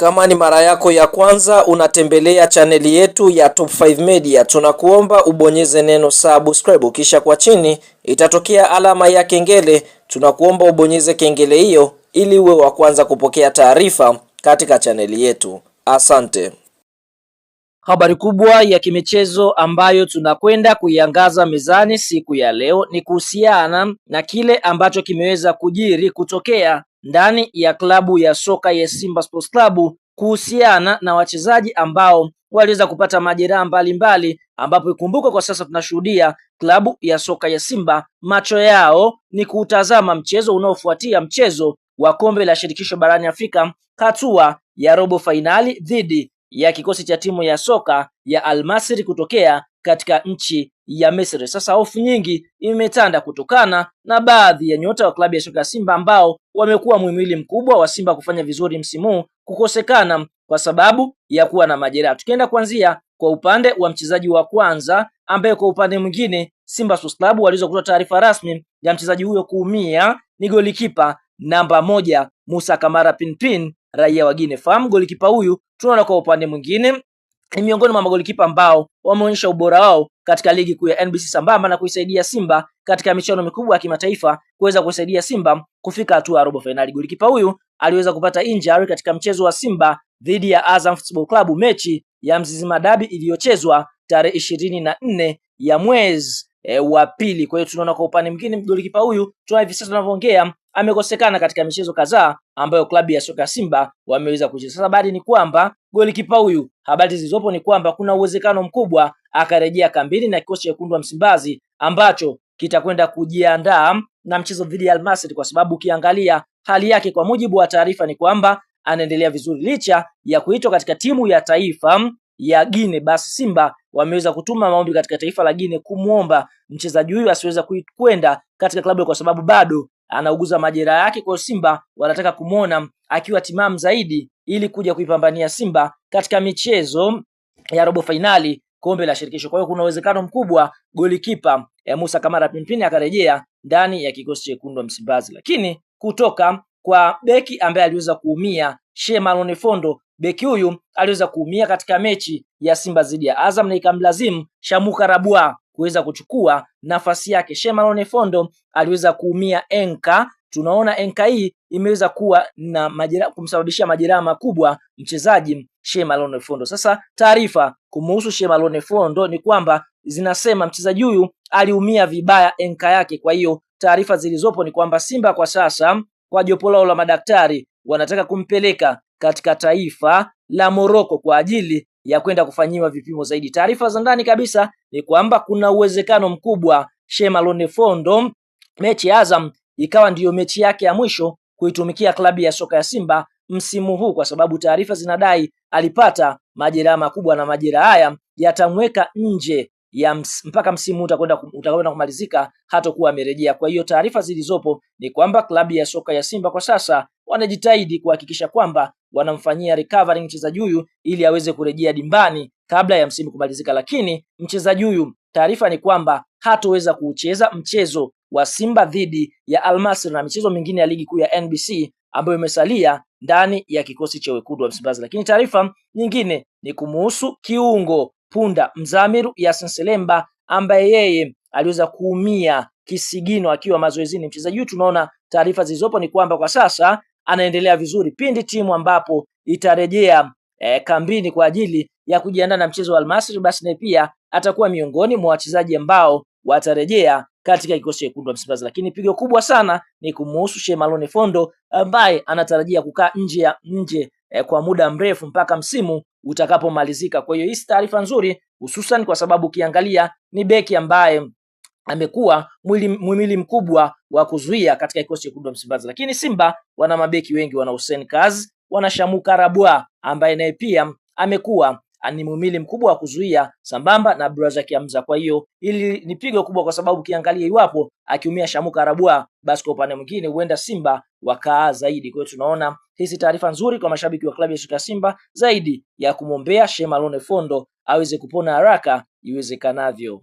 Kama ni mara yako ya kwanza unatembelea chaneli yetu ya Top 5 Media, tunakuomba ubonyeze neno subscribe, kisha kwa chini itatokea alama ya kengele. Tunakuomba ubonyeze kengele hiyo ili uwe wa kwanza kupokea taarifa katika chaneli yetu. Asante. Habari kubwa ya kimichezo ambayo tunakwenda kuiangaza mezani siku ya leo ni kuhusiana na kile ambacho kimeweza kujiri kutokea ndani ya klabu ya soka ya Simba Sports Club kuhusiana na wachezaji ambao waliweza kupata majeraha mbalimbali, ambapo ikumbuka kwa sasa tunashuhudia klabu ya soka ya Simba macho yao ni kuutazama mchezo unaofuatia mchezo wa kombe la shirikisho barani Afrika hatua ya robo fainali dhidi ya kikosi cha timu ya soka ya Al kutokea katika nchi ya Misri. Sasa hofu nyingi imetanda kutokana na baadhi ya nyota wa klabu ya soka ya Simba ambao wamekuwa muhimili mkubwa wa Simba kufanya vizuri msimu kukosekana kwa sababu ya kuwa na majeraha. Tukienda kuanzia kwa upande wa mchezaji wa kwanza ambaye kwa upande mwingine Simba Sports Club waliweza kutoa taarifa rasmi ya mchezaji huyo kuumia ni golikipa namba moja Musa Kamara Pinpin raia wa Guinea. Fahamu golikipa huyu, tunaona kwa upande mwingine ni miongoni mwa magolikipa ambao wameonyesha ubora wao katika ligi kuu ya NBC sambamba na kuisaidia Simba katika michuano mikubwa ya kimataifa kuweza kuisaidia Simba kufika hatua ya robo fainali. Golikipa huyu aliweza kupata injury katika mchezo wa Simba dhidi ya Azam Football Club, mechi ya Mzizima Dabi iliyochezwa tarehe ishirini na nne ya mwezi e, wa pili. Kwa hiyo tunaona kwa upande mwingine golikipa huyu tuna hivi sasa tunavyoongea amekosekana katika michezo kadhaa ambayo klabu ya soka Simba wameweza kucheza. Sasa habari ni kwamba golikipa huyu, habari zilizopo ni kwamba kuna uwezekano mkubwa akarejea kambini na kikosi cha wekundu wa Msimbazi ambacho kitakwenda kujiandaa na mchezo dhidi ya Almasri, kwa sababu ukiangalia hali yake, kwa mujibu wa taarifa ni kwamba anaendelea vizuri licha ya kuitwa katika timu ya taifa ya Gine. Basi Simba wameweza kutuma maombi katika taifa la Gine kumwomba mchezaji huyu asiweza kwenda katika klabu kwa sababu bado anauguza majeraha yake. Kwa Simba wanataka kumwona akiwa timamu zaidi ili kuja kuipambania Simba katika michezo ya robo fainali kombe la shirikisho. Kwa hiyo kuna uwezekano mkubwa golikipa e, Musa Kamara Pimpini akarejea ndani ya kikosi chekundu wa Msimbazi, lakini kutoka kwa beki ambaye aliweza kuumia Shee Fondo, beki huyu aliweza kuumia katika mechi ya Simba dhidi ya Azam na ikamlazimu Shamuka Rabua kuweza kuchukua nafasi yake. Shemalone Fondo aliweza kuumia enka, tunaona enka hii imeweza kuwa na majera, kumsababishia majeraha makubwa mchezaji Shemalone Fondo. Sasa taarifa kumuhusu Shemalone Fondo ni kwamba zinasema mchezaji huyu aliumia vibaya enka yake, kwa hiyo taarifa zilizopo ni kwamba Simba kwa sasa kwa jopo lao la madaktari wanataka kumpeleka katika taifa la Moroko kwa ajili ya kwenda kufanyiwa vipimo zaidi. Taarifa za ndani kabisa ni kwamba kuna uwezekano mkubwa Shema Fondo, mechi ya Azam ikawa ndiyo mechi yake ya mwisho kuitumikia klabu ya soka ya Simba msimu huu, kwa sababu taarifa zinadai alipata majeraha makubwa na majeraha haya yatamweka nje ya ms, mpaka msimu utakwenda utakwenda kumalizika, hatakuwa amerejea. Kwa hiyo taarifa zilizopo ni kwamba klabu ya soka ya Simba kwa sasa wanajitahidi kuhakikisha kwamba wanamfanyia recovery mchezaji huyu ili aweze kurejea dimbani kabla ya msimu kumalizika, lakini mchezaji huyu taarifa ni kwamba hatoweza kuucheza mchezo wa Simba dhidi ya Almasri na michezo mingine ya ligi kuu ya NBC ambayo imesalia ndani ya kikosi cha wekundu wa Msimbazi. Lakini taarifa nyingine ni kumuhusu kiungo punda Mzamiru Yasin Selemba ambaye yeye aliweza kuumia kisigino akiwa mazoezini. Mchezaji huyu tunaona taarifa zilizopo ni kwamba kwa sasa anaendelea vizuri pindi timu ambapo itarejea eh, kambini kwa ajili ya kujiandaa na mchezo wa Almasri, basi naye pia atakuwa miongoni mwa wachezaji ambao watarejea katika kikosi cha wekundu wa Msimbazi. Lakini pigo kubwa sana ni kumuhusu Shemalone Fondo ambaye anatarajia kukaa nje ya nje eh, kwa muda mrefu mpaka msimu utakapomalizika. Kwa hiyo hii si taarifa nzuri, hususan kwa sababu ukiangalia ni beki ambaye amekuwa muhimili mkubwa wa kuzuia katika kikosi cha wa Msimbazi, lakini Simba wana mabeki wengi, wana Hussein Kaz, wana Shamuka Rabwa ambaye naye pia amekuwa ni muhimili mkubwa wa kuzuia sambamba na Braza Kiamza. Kwa hiyo ili ni pigo kubwa, kwa sababu ukiangalia, iwapo akiumia Shamuka Rabwa, basi kwa upande mwingine huenda Simba wakaa zaidi. Kwa hiyo tunaona hizi taarifa nzuri kwa mashabiki wa klabu ya Simba zaidi ya kumwombea Shemalone Fondo aweze kupona haraka iwezekanavyo.